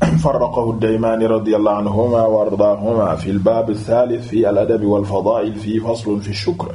faraqahu ad-Daymaani radiyallahu anhuma wa ardaahuma fi al-baab ath-thaalith fi al-adab wal-fadaa'il fi faslun fi ash-shukr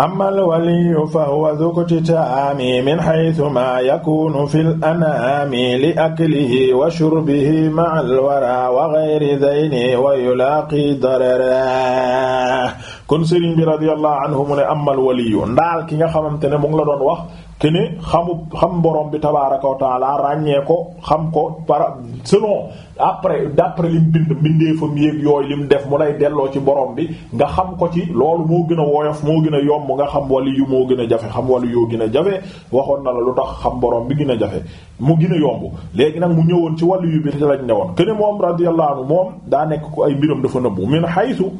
amma al-waliyyu fa huwa dhu iqtitaami min haythu maa yakuunu fi al-anaami li aklihi wa shurbihi ma'a al-waraa wa ghayri dhayni wa yulaaqi darara kon sëriñ bi radiyallahu anhu mu ne amma al-waliyyu ndaal ki nga xamante ne mu ngi la doon wax kene xamu xam borom bi tabaaraka wa taala ràññee ko xam ko par selon après d'après lim bind mbindeefam yéeg yooyu lim def mu lay delloo ci borom bi nga xam ko ci loolu moo gën a woyof moo gën a yomb nga xam yu moo gën a jafe xam wali yoo gën a jafe waxoon na la lu tax xam borom bi gën a jafe mu gën a yomb léegi nag mu ñëwoon ci wali yu bi te lañ ne woon kene moom radiyallahu anhu moom daa nekk ko ay mbiram dafa nëbbu min haythu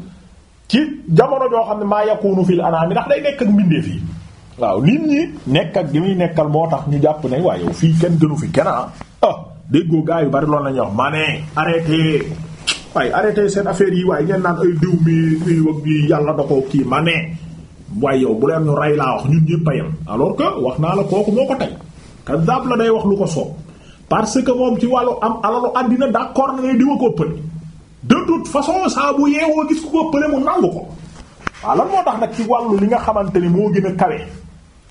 ci jamono joo xam ne maa yakunu fil anaami ndax day nekk ak mbindeef yi waaw nit ñi nekk ak li muy nekkal moo tax ñu jàpp nañ waaye yow fii kenn gënu fi kenn ah, ah déggoo gaa yu bari loolu la ñuy wax ma ne waaye arrêté seen affaire yi waaye ngeen naan ay diw mi i wag yi yàlla da ko kii ma ne waaye yow bu leen ñu rey laa wax ñun ñëpp a yem alors wax naa la kooku moo ko tey kaddaab la day wax lu ko soob parce que moom ci wàllu am alalu àddina d'accord na ne di ma ko ëppale de façon saa bu yeewoo gis ku ko ëppale mu nangu ko waaw lan moo tax nag ci wàllu li nga xamante ni moo gën a kawe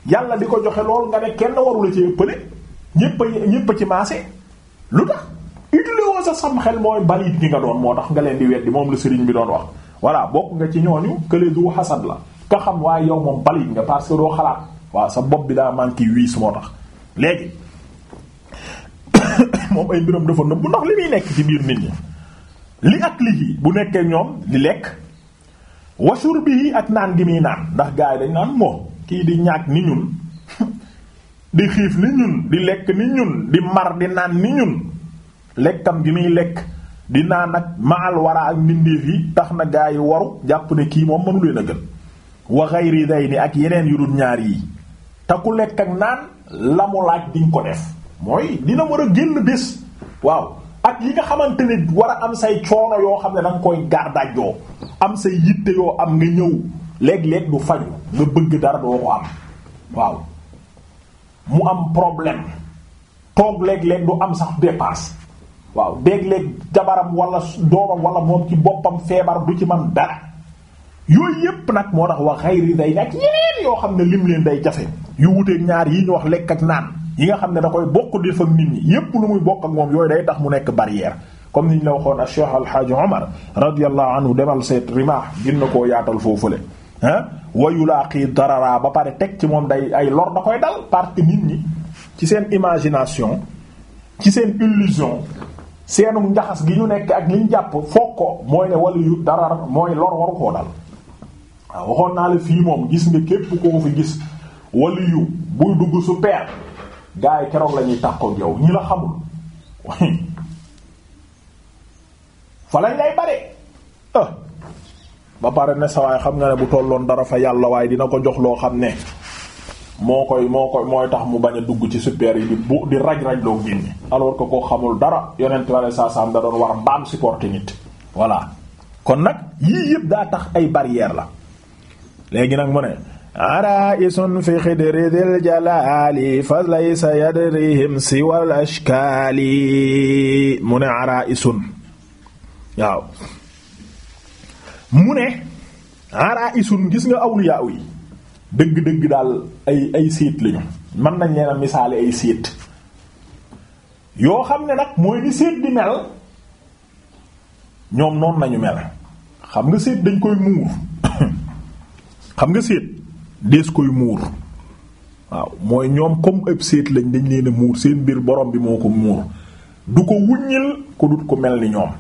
yàlla di ko joxe loolu nga ne kenn warula ci ëppale ñépp ñépp ci maase lu tax utile woo sa sam xel mooy baliit gi nga doon moo tax nga leen di weddi moom la sëriñ bi doon wax voilà bokk nga ci ñooñu kële du xasad la nga xam waaye yow moom baliit nga parce que doo xalaat waa sa bopp bi daa manqué wiis moo tax léegi moom ay mbiram dafa nëbb ndax li muy nekk ci biir nit ñi li ak lii bu nekkee ñoom di lekk wasur bi ak naan gi muy naan ndax gars yi kii di ñaag ni ñun di xiif ni ñun di lekk ni ñun di mar di naan ni ñun lekkam gi muy lekk di naan ak maal wara ak mbindeef yi tax na gaa yi waru jàpp ne kii moom mënu leen gën wa xayri ni ak yeneen yu dul ñaar yi te ku lekk ak naan la mu laaj diñ ko def mooy dina war a génn bés waaw ak yi nga xamante ne war a am say coono yoo xam ne da nga koy gardaajoo am say yitte yoo am nga ñëw léeg-léeg du faju nga bëgg dara doo ko am waaw mu am problème toog léeg-léeg du am sax dépense waaw léeg-léeg jabaram wala doomam wala moom ci boppam feebar du ci man dara yooyu yépp nag moo tax wax xayri day ak yeneen yoo xam ne lim leen day jafe yu wuteeg ñaar yi ñu wax lekk naan yi nga xam ne da koy bokk di fa nit ñi yépp lu muy bokk ak moom yooyu day tax mu nekk barrière comme niñ la waxoon ak Cheikh Al Hadj Omar radiyallahu anhu demal seet rimaax gën na koo yaatal foofule. ah wayulaaqii dararaa ba pare teg ci moom day ay lor da koy dal parce nit ñi ci seen imagination ci seen illusion seenu njaxas gi ñu nekk ak liñ jàpp foog ko mooy ne walu darar mooy lor waru koo dal waxoon naa la fii moom gis nga képp koo fi gis walu yu buy dugg su peer gars yi keroog la ñuy tàqoo yow ñi la xamul fa lañ lay bare ah. ba pare ne sawaay xam nga ne bu tolloon dara fa yàlla waaye dina ko jox loo xam ne moo koy moo koy mooy tax mu bañ a dugg ci super yi di bu di raj-raj loo génne alors ko ko xamul dara yonent wala saa saam da doon war baam mbaam supporté nit voilà kon nag yii yëpp daa tax ay barrière la léegi nag mu ne ara isun fi xidri dil jalali fa laysa yadrihim si wal ashkali mu ne ara isun waaw mu ne ara isun gis nga awliya yi dëgg-dëgg daal ay ay séet lañu mën nañ leen a ay séet yoo xam ne nag mooy ni séet di mel ñoom noonu nañu mel xam nga séet dañ koy muur xam nga séet dees koy muur waaw mooy ñoom comme ëpp séet lañ dañ leen muur seen biir borom bi moo ko muur du ko wuññil ku dut ko mel ni ñoom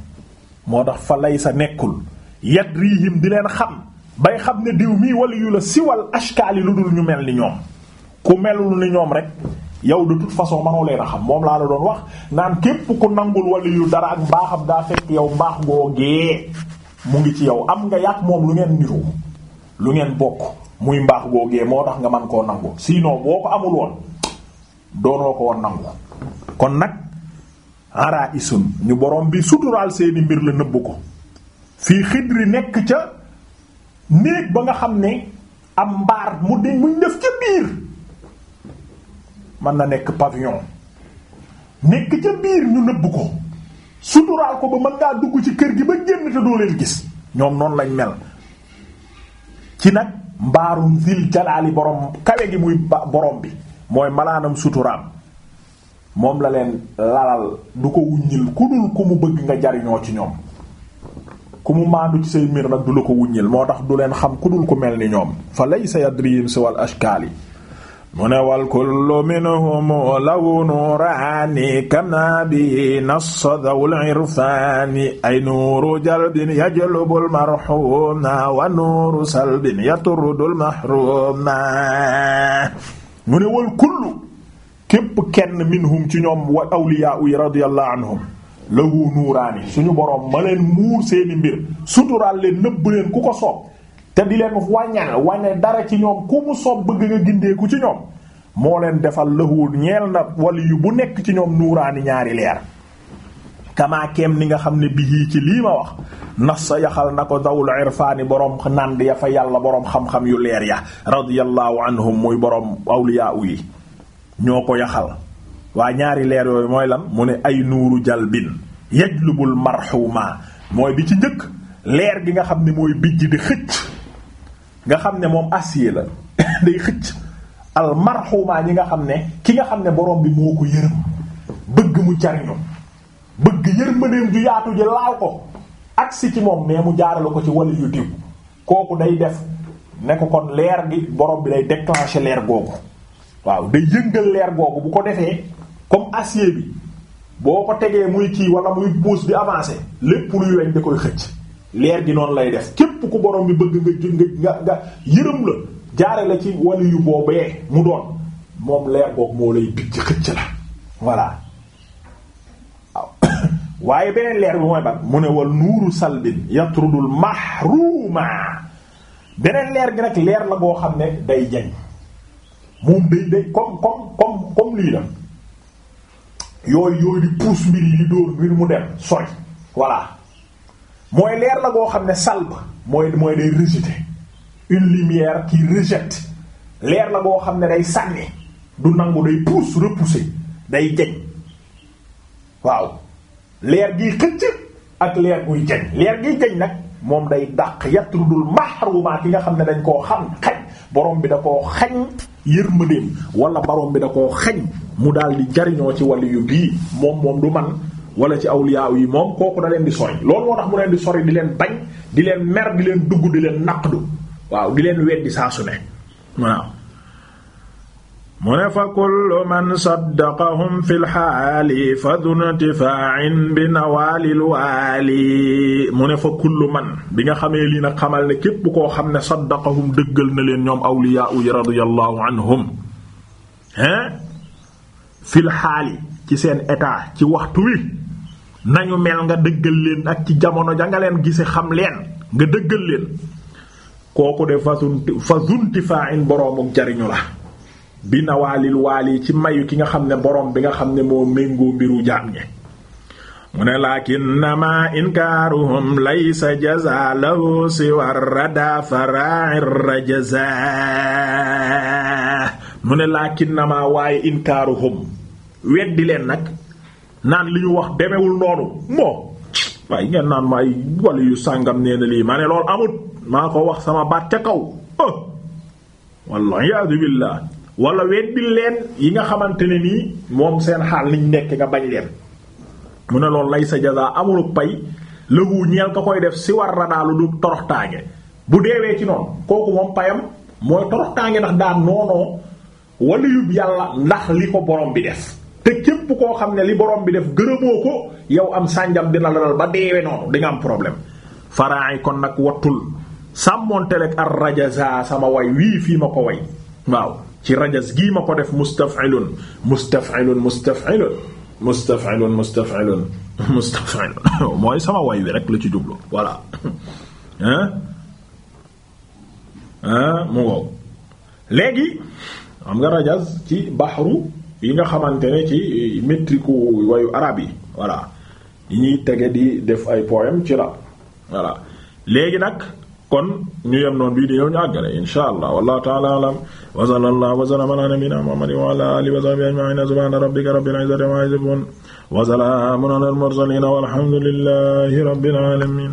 moo tax fa lay sa nekkul yadrihim di leen xam bay xam ne diw mii wala yu la siwal ashkaali lu dul ñu mel ni ñoom ku melul ni ñoom rek yow de toute façon manoo leen a xam moom laa la doon wax naan képp ku nangul wala yu dara ak mbaaxam daa fekk yow mbaax googee mu ngi ci yow am nga yàq moom lu ngeen niroo lu ngeen bokk muy mbaax googee moo tax nga man koo nangu sinon boo ko amul woon doonoo ko woon nangu kon nag ara isun ñu borom bi suturaal seeni mbir la nëbb ko fii xidri nekk ca néeg ba nga xam ne am mbaar mu di muñ def ca biir mën na nekk pavillon nekk ca biir ñu nëbb ko suturaal ko ba mën ngaa dugg ci kër gi ba génn te doo leen gis ñoom noonu lañ mel ci nag mbaarum zil jalaali borom kawe gi muy borom bi mooy malaanam suturaam moom la leen lalal du ko wuññil ku dul ku mu bëgg nga jariñoo ci ñoom ku mu maandu ci say mbir nag du la ko wuññil moo tax du leen xam ku dul ku mel ni ñoom fa laysa yadrihim siwal ashkaal yi mu ne wal kullu minhum law nuuraani kamaa bi nassa dawul irfaani ay nuuru jalbin yajlubul marhuuma wa nuuru salbin yaturudul mahruuma mu ne wal kullu képp kenn minhum ci ñoom wa awliyaa yi radiyallahu anhum lahu nuuraani suñu boroom ma leen muur seeni mbir suturaal leen nëbb leen ku ko soob te di leen wàññal wàññe dara ci ñoom ku mu soob bëgg nga gindeeku ci ñoom moo leen defal lahu ñeel na waliyu bu nekk ci ñoom nuuraani ñaari leer kamaakeem ni nga xam ne bihii ci lii ma wax nas sa yaxal na ko dawul irfaani boroom nànd ya fa yàlla boroom xam-xam yu leer ya radiyallahu anhum muy boroom awliyaa yi ñoo ko yaxal waa ñaari leer yooyu mooy lan mu ne ay nuuru jalbin yajlubul marxuma mooy bi ci njëkk leer gi nga xam ne mooy bijj di xëcc nga xam ne moom acier la day xëcc al marxuma ñi nga xam ne ki nga xam ne borom bi moo ko yërëm bëgg mu jariñu bëgg yërmandeem ju yaatu ji laal ko agsi ci moom mais mu jaarale ko ci wàllu yu diw kooku day def ne ko kon leer gi borom bi day déclencher leer googu waaw day yëngal leer googu bu ko defee comme bi boo ko tegee muy kii wala muy pousse bi avancé lépp luy weñ da koy xëcc leer gi noonu lay def képp ku borom mi bëgg nga nga nga yërëm la jaare la ci wali yu boobee mu doon moom leer boobu moo lay big ci xëcc la voilà waaye beneen leer bi mooy ban mu ne wal nuuru salbin yatrudul mahruuma beneen leer gi nag leer la boo xam ne day jañ moom day day comme comme comme comme lii la yooyu yooyu di puus mbir yi di mbir mu dem sori voilà mooy leer la goo xam ne salbe mooy mooy day rejeter une lumière qui rejette leer la boo xam ne day sànni du nangu day pousse repousser day jeñ waaw leer giy xëcc ak leer guy jeñ leer giy jeñ nag moom day dàq yatrudul mahruma ki nga xam ne dañ koo xam xañ borom bi da koo xañ yërmandeem wala baroom bi da koo xañ mu daal di jariñoo ci wàllu yu bii moom moom du man wala ci awliya yi moom kooku da leen di sori loolu moo tax mu leen di sori di leen bañ di leen mer di leen dugg di leen naq du waaw di leen weddi saa su ne waaw mu ne fa kullu man saddaqahum fi lxaali fa du ntifaa'in bi nawaalil waali mu ne fa kullu man bi nga xamee lii nag xamal ne képp koo xam ne saddaqahum dëggal na leen ñoom awliyaa yi radiyallahu anhum hein fi lxaali ci seen état ci waxtu wi nañu mel nga dëggal leen ak ci jamono ja nga leen gise xam leen nga dëggal leen kooku de fa du ntifaa'in boroomu jariñu la bi nawaalil waali ci mayu ki nga xam ne borom bi nga xam ne moo méngoo mbiru jaam ñi mu ne lakinnama inkaaruhum laysa jaza lahu siwa rada farair rajaza mu ne lakinnama waaye inkaaruhum weddi leen nag naan li ñu wax demewul noonu moo waaye ngeen naan ma ay yu sàngam nee na lii ma ne loolu amut maa ko wax sama baat ca kaw ah oh. walla iyaadu billah wala weddil leen yi nga xamante ne nii moom seen xaal liñ nekk nga bañ leen mu ne loolu lay sa jaza amuluk pay lëgu ñeel ka koy def si war ranaa lu du toroxtaange bu deewee ci noonu kooku moom payam mooy toroxtaange ndax daan noonoo wala yub yàlla ndax li ko borom bi def te képp koo xam ne li borom bi def gërëmoo ko yow am sànjam dina la dal ba deewee noonu di am problème faraay kon nag wattul sàmmoontelek ar rajaza sama way wii fii ma ko way waaw ci rajas gii ma ko def mustaf'ilun mustaf'ilun mustaf'ilun mustaf'ilun mustaf'ilun mustaf'ilun mooy sama way wi rek la ci jublu voilà hein hein mu wow léegi am nga rajas ci baxru yi nga xamante ne ci métrique woyu arab yi voilà yi ñuy tege di def ay poème ci la voilà léegi nag kon ñu yem noonu bii di ñëw ñu àggale insha allah wallahu ta'ala alam wa sallallahu wa sallama ala nabiyyina muhammadin wa ala alihi wa sahbihi ajma'in subhana rabbika rabbil izzati amma yasifun wa salamun ala al mursalin walhamdulillahi rabbil alamin